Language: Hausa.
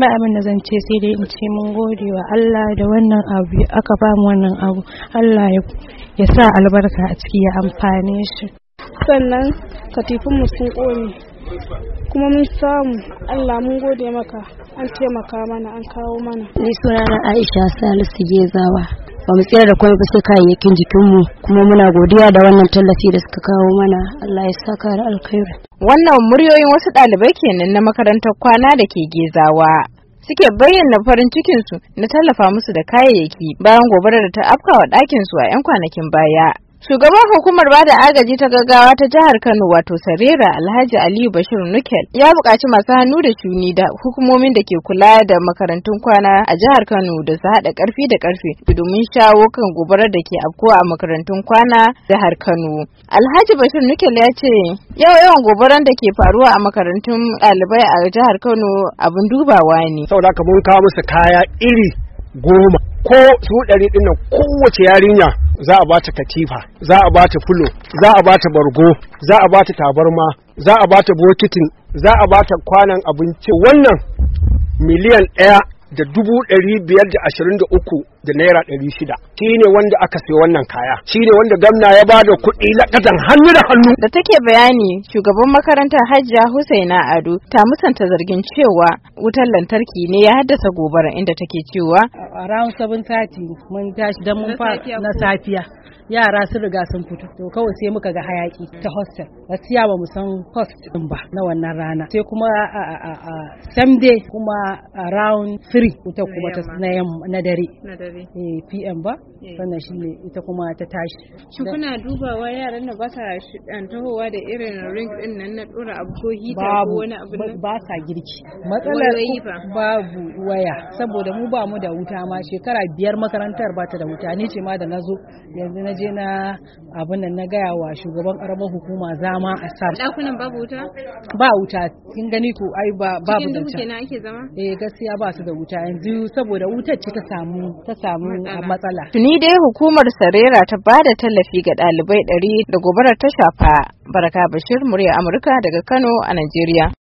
ba abin da zan ce sai dai in ce mun gode wa Allah da wannan abu aka ba mu wannan abu Allah ya sa albarka a ciki ya amfane shi sannan mu sun ƙone kuma mun samu Allah mun gode maka an taimaka mana an kawo mana ni sunana Aisha Salisu Gezawa ba mu tsira da komai ba sai kayayyakin jikinmu kuma muna godiya da wannan tallafi da suka kawo mana Allah ya saka da alkhairi wannan muryoyin wasu ɗalibai kenan na makarantar kwana da ke gezawa suke bayyana farin cikinsu na tallafa musu da kayayyaki bayan gobarar da ta afkawa ɗakinsu a 'yan kwanakin baya Shugaban hukumar bada agaji ta gaggawa ta jihar Kano wato Sarera Alhaji Aliyu Bashir Nukel ya buƙaci masu hannu da shuni da hukumomin da ke kula da makarantun kwana a jihar Kano da su haɗa ƙarfi da ƙarfi domin shawo kan gobarar da ke afkuwa a makarantun kwana jihar Kano. Alhaji Bashir Nukel ya ce yau yawan gobarar da ke faruwa a makarantun ɗalibai a jihar Kano abin dubawa ne. Saboda haka mun kawo musu kaya iri goma ko su ɗari ɗin nan kowace yarinya za a bata katifa za a bata fulo za a bata bargo za a bata tabarma za a bata bokitin za a bata kwanan abinci wannan miliyan ɗaya da dubu ɗari biyar da ashirin da uku da naira ɗari shida shi ne wanda aka sayi wannan kaya shi ne wanda gamna ya bada kuɗi lakatan hannu da hannu da take bayani shugaban makarantar hajja husaina ado ta musanta zargin cewa wutar lantarki ne ya haddasa gobara inda take cewa A sabon sati, mun tashi dan mun fara na safiya yara sun riga sun fito to kawai sai muka ga hayaki ta hostel gaskiya ba mu san host din ba na wannan rana sai kuma a a kuma around 3 wuta kuma ta na dare Eh, PM ba eh. sannan ne ita kuma ta tashi shi kuna dubawa yaran da ba sa tahowa da irin ring din nan na dora abu ko hita ko wani abu ba sa girki matsalar babu waya saboda mu ba mu da wuta ma shekara biyar makarantar ba ta da wuta ni ce ma da nazo yanzu na je na abin nan na gaya wa shugaban karamar hukuma zama a sam dakunan babu wuta ba wuta kin gani ko ai ba babu da wuta ake zama eh gaskiya ba su da wuta yanzu saboda wutar ce ta samu ta samu matsala. Tuni dai hukumar Sarera ta ba da tallafi ga ɗalibai ɗari da gobarar ta shafa. Baraka Bashir, murya Amurka daga Kano a Najeriya.